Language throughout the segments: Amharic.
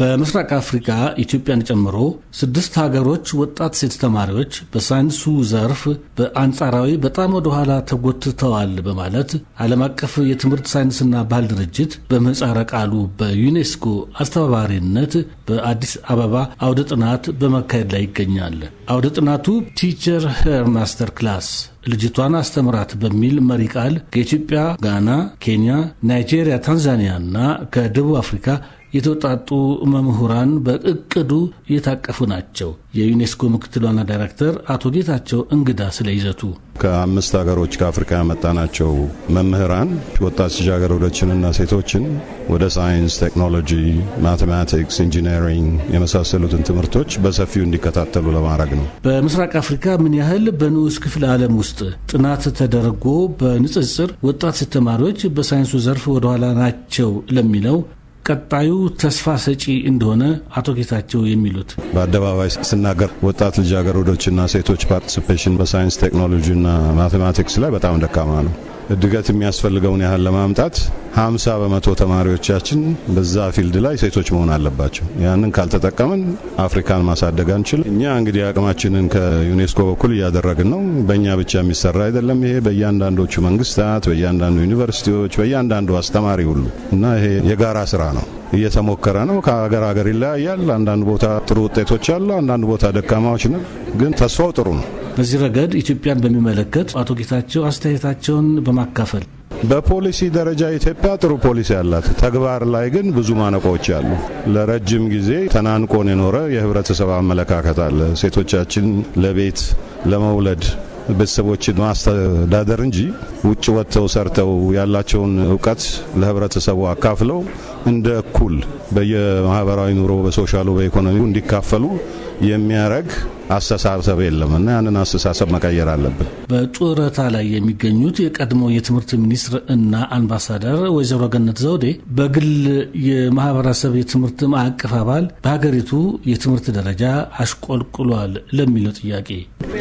በምስራቅ አፍሪካ ኢትዮጵያን ጨምሮ ስድስት ሀገሮች ወጣት ሴት ተማሪዎች በሳይንሱ ዘርፍ በአንጻራዊ በጣም ወደ ኋላ ተጎትተዋል በማለት ዓለም አቀፍ የትምህርት ሳይንስና ባህል ድርጅት በምህጻረ ቃሉ በዩኔስኮ አስተባባሪነት በአዲስ አበባ አውደ ጥናት በመካሄድ ላይ ይገኛል። አውደ ጥናቱ ቲቸር ሄር ማስተር ክላስ ልጅቷን አስተምራት በሚል መሪ ቃል ከኢትዮጵያ፣ ጋና፣ ኬንያ፣ ናይጄሪያ፣ ታንዛኒያ እና ከደቡብ አፍሪካ የተወጣጡ መምህራን በእቅዱ የታቀፉ ናቸው። የዩኔስኮ ምክትል ዋና ዳይሬክተር አቶ ጌታቸው እንግዳ ስለ ይዘቱ ከአምስት ሀገሮች ከአፍሪካ ያመጣናቸው መምህራን ወጣት ልጃገረዶችንና ሴቶችን ወደ ሳይንስ፣ ቴክኖሎጂ፣ ማቴማቲክስ፣ ኢንጂነሪንግ የመሳሰሉትን ትምህርቶች በሰፊው እንዲከታተሉ ለማድረግ ነው። በምስራቅ አፍሪካ ምን ያህል በንዑስ ክፍለ ዓለም ውስጥ ጥናት ተደርጎ በንጽጽር ወጣት ተማሪዎች በሳይንሱ ዘርፍ ወደኋላ ናቸው ለሚለው ቀጣዩ ተስፋ ሰጪ እንደሆነ አቶ ጌታቸው የሚሉት በአደባባይ ስናገር ወጣት ልጃገረዶችና ሴቶች ፓርቲሲፔሽን በሳይንስ ቴክኖሎጂና ማቴማቲክስ ላይ በጣም ደካማ ነው። እድገት የሚያስፈልገውን ያህል ለማምጣት 50 በመቶ ተማሪዎቻችን በዛ ፊልድ ላይ ሴቶች መሆን አለባቸው። ያንን ካልተጠቀምን አፍሪካን ማሳደግ አንችል። እኛ እንግዲህ አቅማችንን ከዩኔስኮ በኩል እያደረግን ነው። በእኛ ብቻ የሚሰራ አይደለም። ይሄ በእያንዳንዶቹ መንግስታት፣ በእያንዳንዱ ዩኒቨርሲቲዎች፣ በእያንዳንዱ አስተማሪ ሁሉ እና ይሄ የጋራ ስራ ነው እየተሞከረ ነው። ከሀገር ሀገር ይለያያል። አንዳንድ ቦታ ጥሩ ውጤቶች አሉ፣ አንዳንድ ቦታ ደካማዎች ነው። ግን ተስፋው ጥሩ ነው። በዚህ ረገድ ኢትዮጵያን በሚመለከት አቶ ጌታቸው አስተያየታቸውን በማካፈል በፖሊሲ ደረጃ ኢትዮጵያ ጥሩ ፖሊሲ አላት። ተግባር ላይ ግን ብዙ ማነቆዎች አሉ። ለረጅም ጊዜ ተናንቆን የኖረ የህብረተሰብ አመለካከት አለ። ሴቶቻችን ለቤት ለመውለድ ቤተሰቦችን ማስተዳደር እንጂ ውጭ ወጥተው ሰርተው ያላቸውን እውቀት ለህብረተሰቡ አካፍለው እንደ እኩል በየማህበራዊ ኑሮ በሶሻሉ በኢኮኖሚው እንዲካፈሉ የሚያረግ አስተሳሰብ የለም እና ያንን አስተሳሰብ መቀየር አለብን። በጡረታ ላይ የሚገኙት የቀድሞ የትምህርት ሚኒስትር እና አምባሳደር ወይዘሮ ገነት ዘውዴ በግል የማህበረሰብ የትምህርት ማዕቀፍ አባል በሀገሪቱ የትምህርት ደረጃ አሽቆልቁሏል ለሚለው ጥያቄ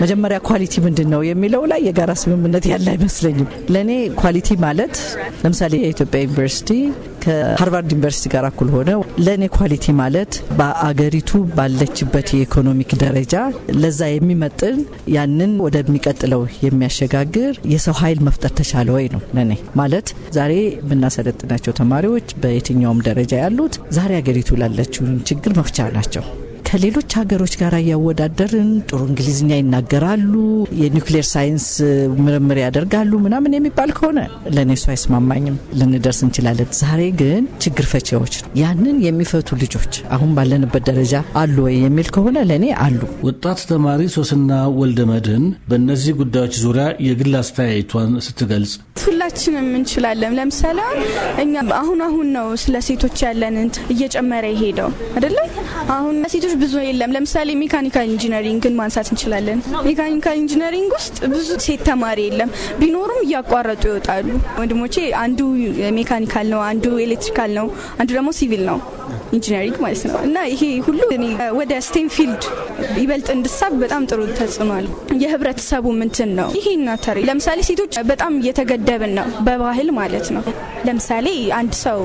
መጀመሪያ ኳሊቲ ምንድን ነው የሚለው ላይ የጋራ ስምምነት ያለ አይመስለኝም። ለእኔ ኳሊቲ ማለት ለምሳሌ የኢትዮጵያ ዩኒቨርሲቲ ከሃርቫርድ ዩኒቨርሲቲ ጋር እኩል ሆነ ነው። ለእኔ ኳሊቲ ማለት በአገሪቱ ባለችበት የኢኮኖሚክ ደረጃ ለዛ የሚመጥን ያንን ወደሚቀጥለው የሚያሸጋግር የሰው ኃይል መፍጠር ተቻለ ወይ ነው ለእኔ ማለት። ዛሬ የምናሰለጥናቸው ተማሪዎች በየትኛውም ደረጃ ያሉት ዛሬ አገሪቱ ላለችውን ችግር መፍቻ ናቸው። ከሌሎች ሀገሮች ጋር እያወዳደርን ጥሩ እንግሊዝኛ ይናገራሉ፣ የኒውክሌር ሳይንስ ምርምር ያደርጋሉ ምናምን የሚባል ከሆነ ለእኔ እሱ አይስማማኝም። ልንደርስ እንችላለን። ዛሬ ግን ችግር ፈቺዎች ነው ያንን የሚፈቱ ልጆች አሁን ባለንበት ደረጃ አሉ ወይ የሚል ከሆነ ለእኔ አሉ። ወጣት ተማሪ ሶስና ወልደ መድህን በእነዚህ ጉዳዮች ዙሪያ የግል አስተያየቷን ስትገልጽ ሁላችንም እንችላለን። ለምሳሌ እኛ አሁን አሁን ነው ስለ ሴቶች ያለን እየጨመረ የሄደው አይደለም። አሁን ሴቶች ብዙ የለም። ለምሳሌ ሜካኒካል ኢንጂነሪንግን ማንሳት እንችላለን። ሜካኒካል ኢንጂነሪንግ ውስጥ ብዙ ሴት ተማሪ የለም። ቢኖሩም እያቋረጡ ይወጣሉ። ወንድሞቼ አንዱ ሜካኒካል ነው፣ አንዱ ኤሌክትሪካል ነው፣ አንዱ ደግሞ ሲቪል ነው። ኢንጂነሪንግ ማለት ነው እና ይሄ ሁሉ ወደ ስቴም ፊልድ ይበልጥ እንድሳብ በጣም ጥሩ ተጽኗል። የህብረተሰቡ ምንትን ነው ይሄ ናተሪ ለምሳሌ ሴቶች በጣም እየተገደብን ነው በባህል ማለት ነው። ለምሳሌ አንድ ሰው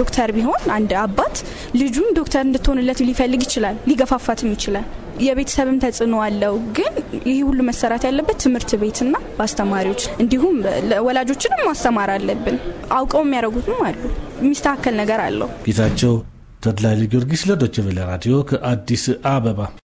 ዶክተር ቢሆን አንድ አባት ልጁን ዶክተር እንድትሆንለት ሊፈልግ ይችላል፣ ሊገፋፋትም ይችላል። የቤተሰብም ተጽዕኖ አለው። ግን ይህ ሁሉ መሰራት ያለበት ትምህርት ቤትና በአስተማሪዎች እንዲሁም ወላጆችንም ማስተማር አለብን። አውቀው የሚያደርጉትም አሉ። የሚስተካከል ነገር አለው። ጌታቸው ተድላ ጊዮርጊስ ለዶችቬለ ራዲዮ ከአዲስ አበባ